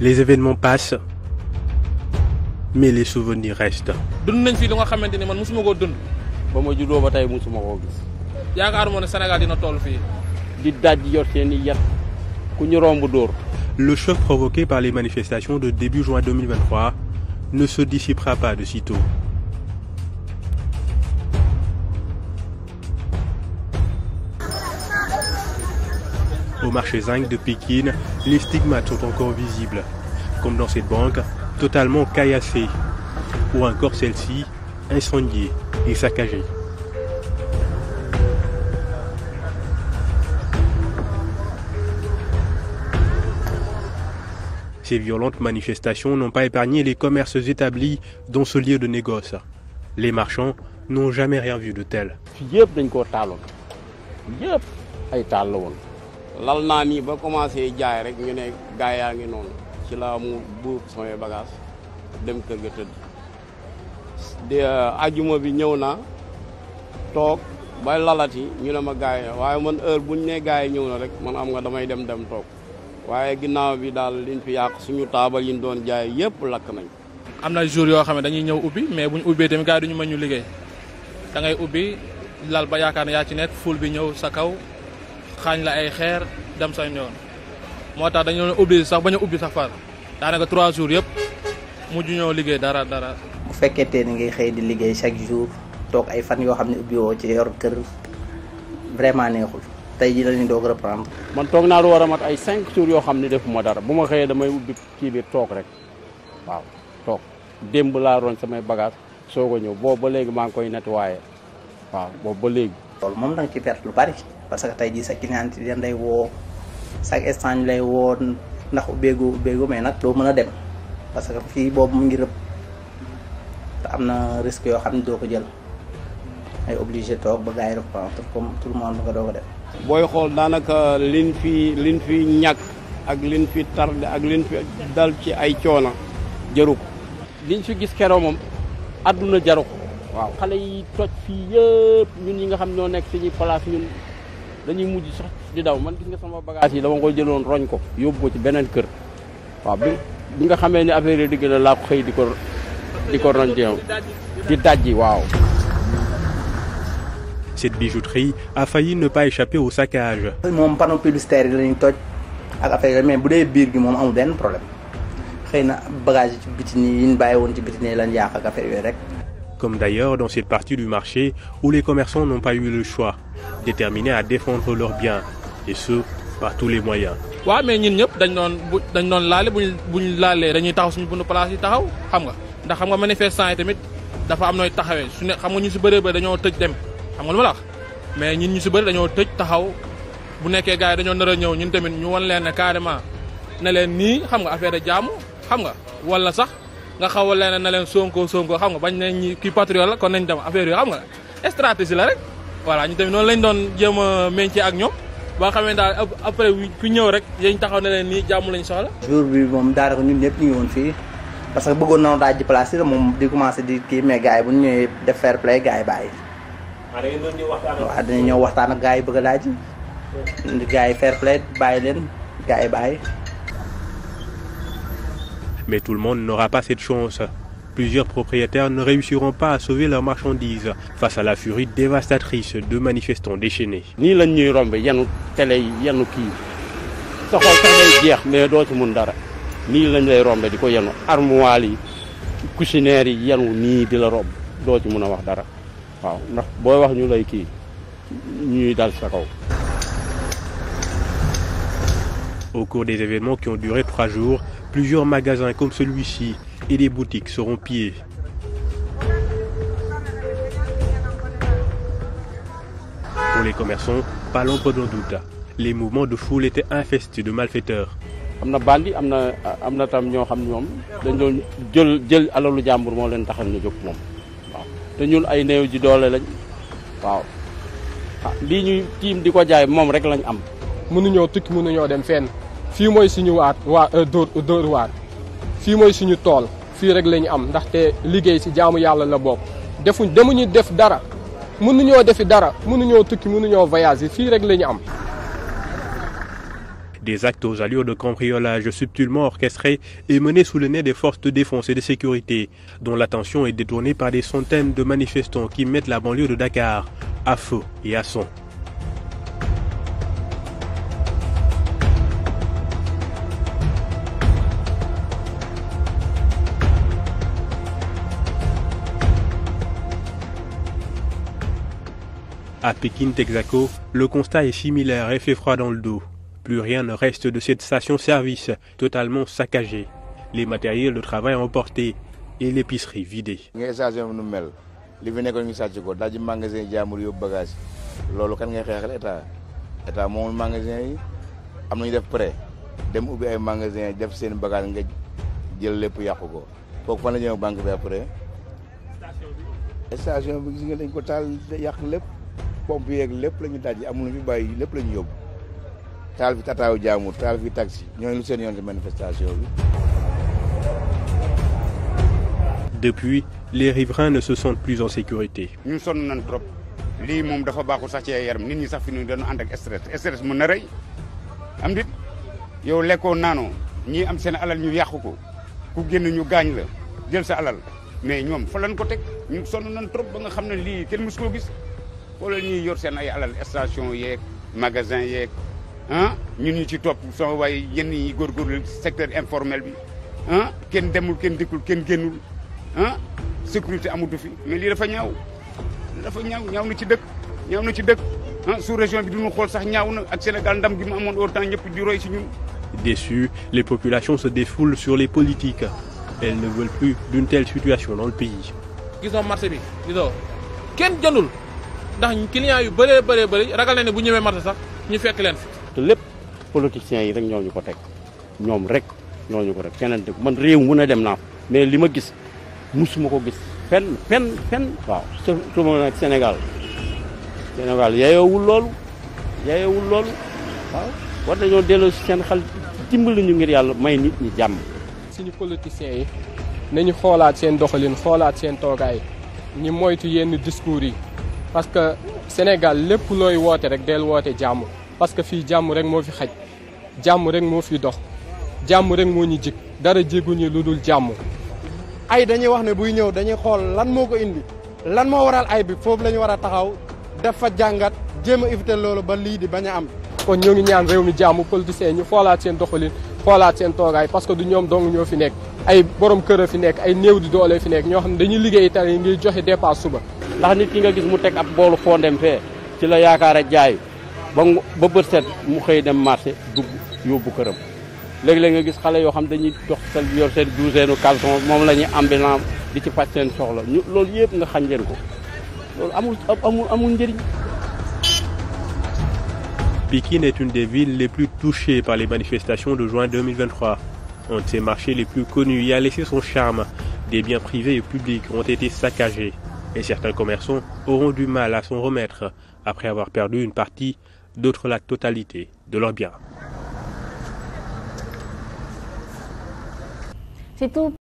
les événements passent mais les souvenirs restent. dund nañ fii lu nga xamante ni man mosuma koo dund. ba ma juddoo ba tey mosuma koo gis. yaakaar moo ne Sénégal dina toll fii. di daj yor seen i yat ku ñu romb dóor. Le choc provoqué par les manifestations de début juin 2023 ne se dissipera pas de sitôt. Au marché Zinc de Pékin, les stigmates sont encore visibles, comme dans cette banque totalement caillassée, ou encore celle-ci incendiée et saccagée. Ces violentes manifestations n'ont pas épargné les commerces établis dans ce lieu de négoce. Les marchands n'ont jamais rien vu de lal naa nii ba commencé jaay rek ñu ne gaa yaa ngi noonu ci la mu buub samay bagage dem kër ga di euh, ajuma bi ñëw na toog ba lalati ñu ne ma gaa yi waaye man heure buñ ne gaa yi ñëw na rek man am nga damay dem dem toog waaye ginnaaw bi daal liñ fi yàq suñu taabal yi ñu doon jaay yëpp lakk nañ am na jour yoo xam ne dañuy ñëw ubbi mais buñ ubbee tamit gaa yi duñu ñu liggéey da ubbi lal ba yaakaar ne yaa ci nekk ful bi ñëw sa kaw xaañ la ay xeer dem sa yoon moo tax dañu leen obligé sax bañ a ubbi sax far daanaka trois jours yëpp mujj ñoo liggéey dara dara. fekkee fekkente ni ngay xëy di liggéey chaque jour toog ay fan yoo xam ne ubbi woo ci yor kër vraiment neexul tey jii la ñuy doog reprendre. man toog naa lu war a mat ay cinq jours yoo xam ne defuma dara bu ma xëyee damay ubbi kii biir toog rek waaw toog démb laa roon samay bagage soog a ñëw boobu ba léegi maa ngi koy nettoyé waaw boobu ba léegi. loolu moom da nga ci perte lu bari. parce que tey jii sa client yi dañ lay woo chaque instant lay woo ndax ubbeegu ubbeegu mais nag doo mën a dem parce que fii boobu mu ngi rëb te am na risque yoo xam ne doo ko jël ay obligé toog ba gars yi reprendre comme tout le monde nga doo booy xool daanaka liñ fi liñ fi ñàkk ak liñ fi tardé ak liñ fi dal ci ay coona jëru ko liñ fi gis keroo moom àdduna jaru ko waaw xale yi toj fii yëpp ñun ñi nga xam ñoo nekk suñuy ñun. dañuy mujj sax di daw man gis nga sama bagage yi dama ko jëloon roñ ko yóbbu ko ci beneen kër waaw bi nga xamee ne affaire yi digg na laa ko xëy di ko di ko roñ waaw dajji waaw Cette bijouterie a failli ne pas échapper au saccage. moom panneau publicitaire yi la ñuy toj ak affaire yooyu mais bu dee biir gi moom amul benn problème xëy na bagage yi ci bitin yi ñu bàyyi woon ci bitin yi lañ yàq ak affaire yooyu rek. Comme d'ailleurs dans cette partie du marché où les commerçants n'ont pas déterminés à défendre leurs biens et ce par tous les mais ñun ñëpp dañ doon bu dañ doon laale buñ buñ laalee dañuy taxaw suñu buntu place yi taxaw xam nga ndax xam nga manifestant yi tamit dafa am nooy taxawee su ne xam nga ñu si bëree dañoo tëj dem xam nga lu ma la mais ñun ñu si bëri dañoo tëj taxaw bu nekkee gars dañoo nar a ñëw ñun tamit ñu wan leen ne carrément ne leen nii xam nga affaire jaamu xam nga wala sax nga xaw a leen ne leen sonko sonko xam nga bañ nañ ñi kii patriote la kon nañ dem affaire yi xam nga voilà ñu tamit noonu lañu doon jéem a ménci ak ñoom ba xamee daal après ku ñëw rek yañ taxaw ne leen nii jàmm lañu soxla. jour bi moom daanaka ñun ñëpp ñu ngi woon fii parce que bëggoon na daaj ji place yi moom di commencé kii mais gars yi bu def fair play gars yi bàyyi. ah da ngeen doon ñëw waxtaan ak. waaw ñëw waxtaan ak gars yi bëgg a daaj. gaa yi fair play bàyyi leen gars yi bàyyi. mais tout le monde n'aura pas cette chance. plusieurs propriétaires ne réussiront pas à sauver leurs marchandises face à la furie dévastatrice de manifestants déchaînés. nii lañ ñuy yanu télé yanu kii sa xol sax day jeex mais doo ci mun dara nii lañ lay rombe di ko yanu armoire yi yi yanu nii di la romb doo ci mun a wax dara waaw ndax booy wax ñu lay kii ñuy dal sa kaw. Au cours des événements qui ont duré trois jours, plusieurs magasins comme celui-ci et les boutiques seront pillées. Pour les commerçants, pas l'ombre d'un doute. Les mouvements de foule étaient infestés de malfaiteurs. am na bandi am na am na tam ñoo xam ne ñoom dañ doon jël jël alalu jàmbur moo leen taxal ñu jóg moom waaw te ay néew ji doole lañ waaw ah lii ñuy tiim di ko jaay moom rek lañ am mënuñoo tukki mënuñoo dem fenn fii mooy suñu waat waa euh, dóor dóor waar fii mooy suñu tool fii rek la ñu am ndaxte liggéey ci jaamu yàlla la bokk defuñ demuñu def dara mun mënuñoo defi dara mënuñoo tukki mënuñoo voyage fii rek la ñu am. Des actes aux allures de cambriolage subtilement orchestrés et menés sous le nez des forces de défense et de sécurité, dont l'attention est détournée par des centaines de manifestants qui mettent la banlieue de Dakar à feu et à sang. À Pékin, Texaco, le constat est similaire et fait froid dans le dos. Plus rien ne reste de cette station-service, totalement saccagée. Les matériels de travail emportés et l'épicerie vidée. état moomul magasin yi am nañu def prêt dem ubbi ay magasin def seen bagage nga jël lépp yàqu ko kooku fan la jëm banque bi après station bi gis nga dañ ko taal yàq pompe yeeg lépp la ñu daj amul fi bàyyi lépp la ñu yóbbu taal fi tataawu jaamur taal fi taxi ñooñu lu seen yoon ci manifestation bi. Depuis, les riverains ne se sentent plus en sécurité. ñun sonn nañ trop lii moom dafa baaxul sax ci yaram nit ñi sax fi ñu dañu ànd ak stress stress mën na am dit yow lekkoo naanoo ñii am seen alal ñu yàqu ko ku génn ñu gaañ la jël sa alal mais ñoom fa lañ ko teg ñun sonn nañ trop ba nga xam ne lii kenn mësu wala ñuy yor seen ay alal station yeeg magasin yeeg ah ñun ñu ci topp soo waaye yenn yi góorgóorlu secteur informel bi ah kenn demul kenn dikkul kenn génnul ah sécurité amutu fi mais lii dafa ñaaw dafa ñaaw ñaaw na ci dëkk ñaaw na ci dëkk ah sous région bi duñu xool sax ñaaw na ak Sénégal ndam gi mu amoon au temps ñëpp di roy si ñun Déçues, les populations se défoulent sur les politiques. Elles ne veulent plus d'une telle situation dans le pays. gisoo marché bi gisoo kenn jëndul ndax client yu bëree bëree bëri ragal na ne bu ñëwee marché sax ñu fekk leen fi. te lépp politiciens yi rek ñoo ñu ko teg ñoom rek ñooñu ko teg keneen dëgg man réew mun a dem naa mais li ma gis musuma ko gis fenn fenn fenn. waaw surtout nag Sénégal Sénégal yeyoowul loolu yeyoowul loolu waaw war nañoo delloo si seen xel dimbali ñu ngir yàlla may nit ñi jàmm. suñu politiciens yi nañu xoolaat seen doxalin xoolaat seen toogaay ñi moytu yenn discours yi. parce que Sénégal lépp looy woote rek del woote jàmm parce que fii jàmm rek moo fi xaj jàmm rek moo fi dox jàmm rek moo ñu jig dara jéguñu lu dul jàmm. ay dañuy wax ne buy ñëw dañuy xool lan moo ko indi lan moo waral ay bi foofu la ñu war a taxaw def fa jàngat jéem a éviter loolu ba lii di bañ a am. kon ñoo ngi ñaan réew mi jàmm politiciens ñu xoolaat seen doxalin xoolaat seen toogaay parce que du ñoom dong ñoo fi nekk ay borom kër a fi nekk ay néew di doole fi nekk ñoo xam ne dañuy liggéey tari ngir joxe dépasse suba. ndax nit ki nga gis mu teg ab boolu fondem fee ci la yaakaar a jaay ba ba bët set mu xëy dem marché dugg yóbbu këram léeg-léeg nga gis xale yoo xam dañuy dox seen yor seen douzaine moom lañu ñuy ambulant di ci faj seen soxla ñu loolu yëpp nga xañ leen ko loolu amul amul amul njëriñ. Pikine est une des villes les plus touchées par les manifestations de juin 2023. de ses marchés les plus connus y a laissé son charme. Des biens privés et publics ont été saccagés. et certains commerçants auront du mal à s'en remettre après avoir perdu une partie, d'autres la totalité de leurs biens.